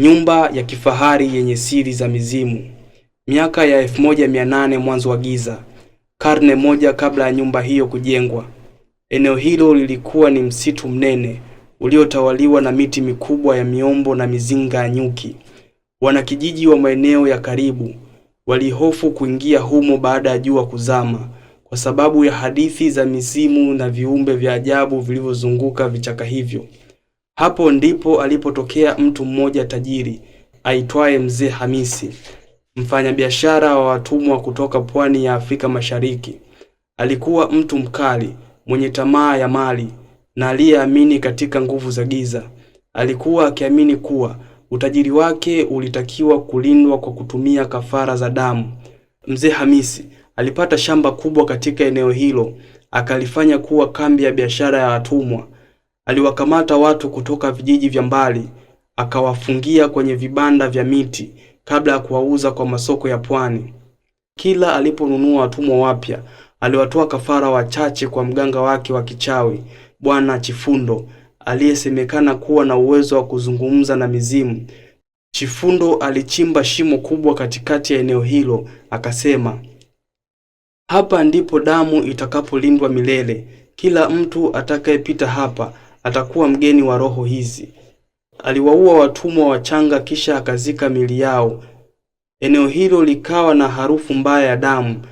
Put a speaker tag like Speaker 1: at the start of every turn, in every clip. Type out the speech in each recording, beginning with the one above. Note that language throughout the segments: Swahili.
Speaker 1: Nyumba ya kifahari yenye siri za mizimu. Miaka ya 1800 mwanzo wa giza, karne moja kabla ya nyumba hiyo kujengwa. Eneo hilo lilikuwa ni msitu mnene uliotawaliwa na miti mikubwa ya miombo na mizinga ya nyuki. Wanakijiji wa maeneo ya karibu walihofu kuingia humo baada ya jua kuzama, kwa sababu ya hadithi za mizimu na viumbe vya ajabu vilivyozunguka vichaka hivyo. Hapo ndipo alipotokea mtu mmoja tajiri aitwaye Mzee Hamisi, mfanyabiashara wa watumwa kutoka pwani ya Afrika Mashariki. Alikuwa mtu mkali, mwenye tamaa ya mali na aliyeamini katika nguvu za giza. Alikuwa akiamini kuwa utajiri wake ulitakiwa kulindwa kwa kutumia kafara za damu. Mzee Hamisi alipata shamba kubwa katika eneo hilo, akalifanya kuwa kambi ya biashara ya watumwa. Aliwakamata watu kutoka vijiji vya mbali akawafungia kwenye vibanda vya miti kabla ya kuwauza kwa masoko ya pwani. Kila aliponunua watumwa wapya aliwatoa kafara wachache kwa mganga wake wa kichawi Bwana Chifundo aliyesemekana kuwa na uwezo wa kuzungumza na mizimu. Chifundo alichimba shimo kubwa katikati ya eneo hilo, akasema, hapa ndipo damu itakapolindwa milele. Kila mtu atakayepita hapa atakuwa mgeni wa roho hizi. Aliwaua watumwa wachanga, kisha akazika mili yao. Eneo hilo likawa na harufu mbaya ya damu,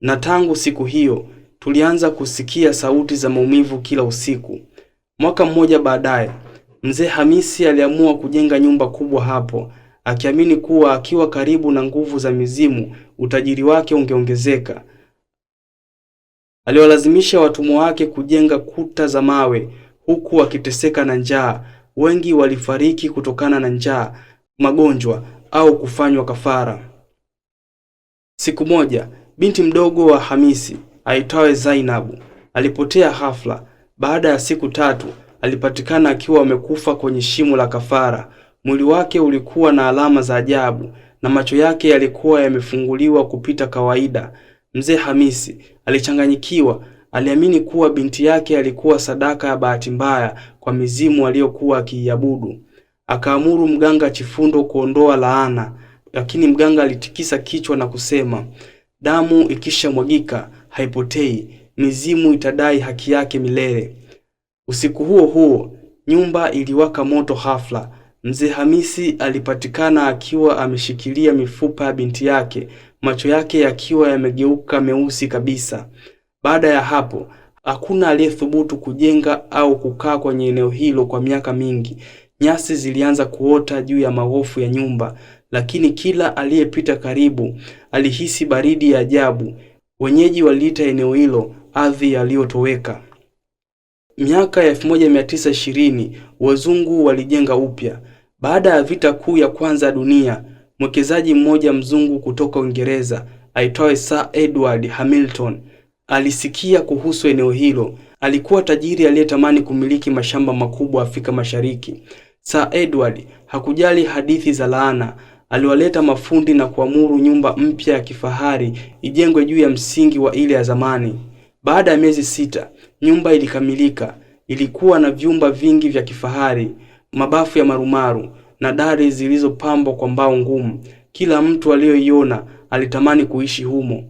Speaker 1: na tangu siku hiyo tulianza kusikia sauti za maumivu kila usiku. Mwaka mmoja baadaye, mzee Hamisi aliamua kujenga nyumba kubwa hapo, akiamini kuwa akiwa karibu na nguvu za mizimu, utajiri wake ungeongezeka. Aliwalazimisha watumwa wake kujenga kuta za mawe huku wakiteseka na njaa. Wengi walifariki kutokana na njaa, magonjwa au kufanywa kafara. Siku moja binti mdogo wa Hamisi aitwaye Zainabu alipotea ghafla. Baada ya siku tatu alipatikana akiwa amekufa kwenye shimo la kafara. Mwili wake ulikuwa na alama za ajabu na macho yake yalikuwa yamefunguliwa kupita kawaida. Mzee Hamisi alichanganyikiwa, Aliamini kuwa binti yake alikuwa sadaka ya bahati mbaya kwa mizimu aliyokuwa akiiabudu. Akaamuru mganga Chifundo kuondoa laana, lakini mganga alitikisa kichwa na kusema, damu ikishamwagika haipotei, mizimu itadai haki yake milele. Usiku huo huo nyumba iliwaka moto hafla Mzee Hamisi alipatikana akiwa ameshikilia mifupa ya binti yake, macho yake yakiwa yamegeuka meusi kabisa. Baada ya hapo, hakuna aliyethubutu kujenga au kukaa kwenye eneo hilo kwa miaka mingi. Nyasi zilianza kuota juu ya magofu ya nyumba, lakini kila aliyepita karibu alihisi baridi ya ajabu. Wenyeji waliita eneo hilo ardhi yaliyotoweka. Miaka ya 1920 wazungu walijenga upya. Baada ya vita kuu ya kwanza ya dunia, mwekezaji mmoja mzungu kutoka Uingereza aitwaye Sir Edward Hamilton alisikia kuhusu eneo hilo. Alikuwa tajiri aliyetamani kumiliki mashamba makubwa Afrika Mashariki. Sir Edward hakujali hadithi za laana. Aliwaleta mafundi na kuamuru nyumba mpya ya kifahari ijengwe juu ya msingi wa ile ya zamani. Baada ya miezi sita, nyumba ilikamilika. Ilikuwa na vyumba vingi vya kifahari, mabafu ya marumaru na dari zilizopambwa kwa mbao ngumu. Kila mtu aliyoiona alitamani kuishi humo.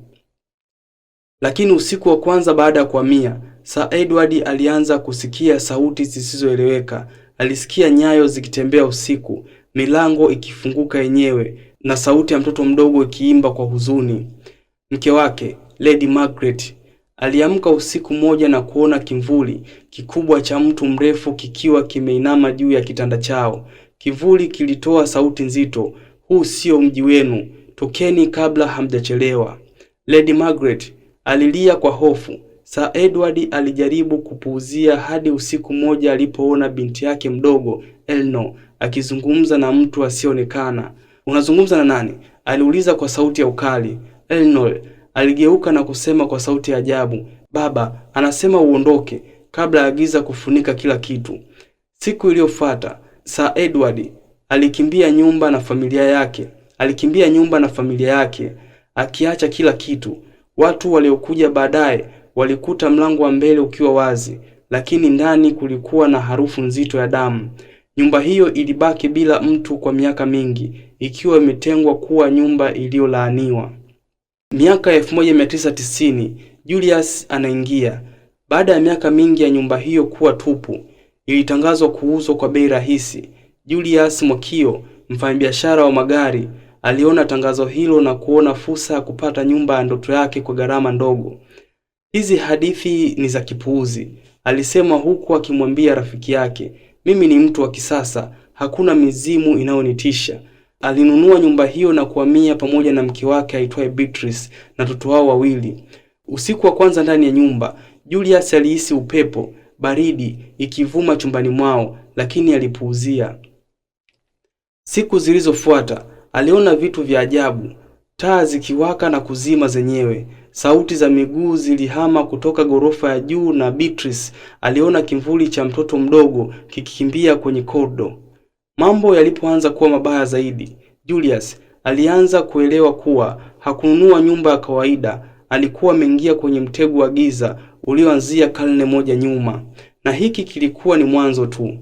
Speaker 1: Lakini usiku wa kwanza baada ya kuhamia, Sir Edward alianza kusikia sauti zisizoeleweka. Alisikia nyayo zikitembea usiku, milango ikifunguka yenyewe na sauti ya mtoto mdogo ikiimba kwa huzuni. Mke wake Lady Margaret aliamka usiku mmoja na kuona kimvuli kikubwa cha mtu mrefu kikiwa kimeinama juu ya kitanda chao. Kivuli kilitoa sauti nzito, huu sio mji wenu, tokeni kabla hamjachelewa. Lady Margaret Alilia kwa hofu. Sir Edward alijaribu kupuuzia hadi usiku mmoja alipoona binti yake mdogo Elno akizungumza na mtu asiyeonekana. Unazungumza na nani? aliuliza kwa sauti ya ukali. Elno aligeuka na kusema kwa sauti ya ajabu, baba anasema uondoke, kabla ya giza kufunika kila kitu. Siku iliyofuata Sir Edward alikimbia nyumba na familia yake, alikimbia nyumba na familia yake akiacha kila kitu. Watu waliokuja baadaye walikuta mlango wa mbele ukiwa wazi, lakini ndani kulikuwa na harufu nzito ya damu. Nyumba hiyo ilibaki bila mtu kwa miaka mingi, ikiwa imetengwa kuwa nyumba iliyolaaniwa. Miaka 1990 Julius anaingia. Baada ya miaka mingi ya nyumba hiyo kuwa tupu, ilitangazwa kuuzwa kwa bei rahisi. Julius Mwakio, mfanyabiashara wa magari aliona tangazo hilo na kuona fursa ya kupata nyumba ya ndoto yake kwa gharama ndogo. Hizi hadithi ni za kipuuzi, alisema huku akimwambia rafiki yake, mimi ni mtu wa kisasa, hakuna mizimu inayonitisha. Alinunua nyumba hiyo na kuhamia pamoja na mke wake aitwaye Beatrice na watoto wao wawili. Usiku wa kwanza ndani ya nyumba, Julius alihisi upepo baridi ikivuma chumbani mwao, lakini alipuuzia. Siku zilizofuata Aliona vitu vya ajabu, taa zikiwaka na kuzima zenyewe. Sauti za miguu zilihama kutoka ghorofa ya juu na Beatrice aliona kimvuli cha mtoto mdogo kikikimbia kwenye kordo. Mambo yalipoanza kuwa mabaya zaidi, Julius alianza kuelewa kuwa hakununua nyumba ya kawaida. Alikuwa ameingia kwenye mtego wa giza ulioanzia karne moja nyuma, na hiki kilikuwa ni mwanzo tu.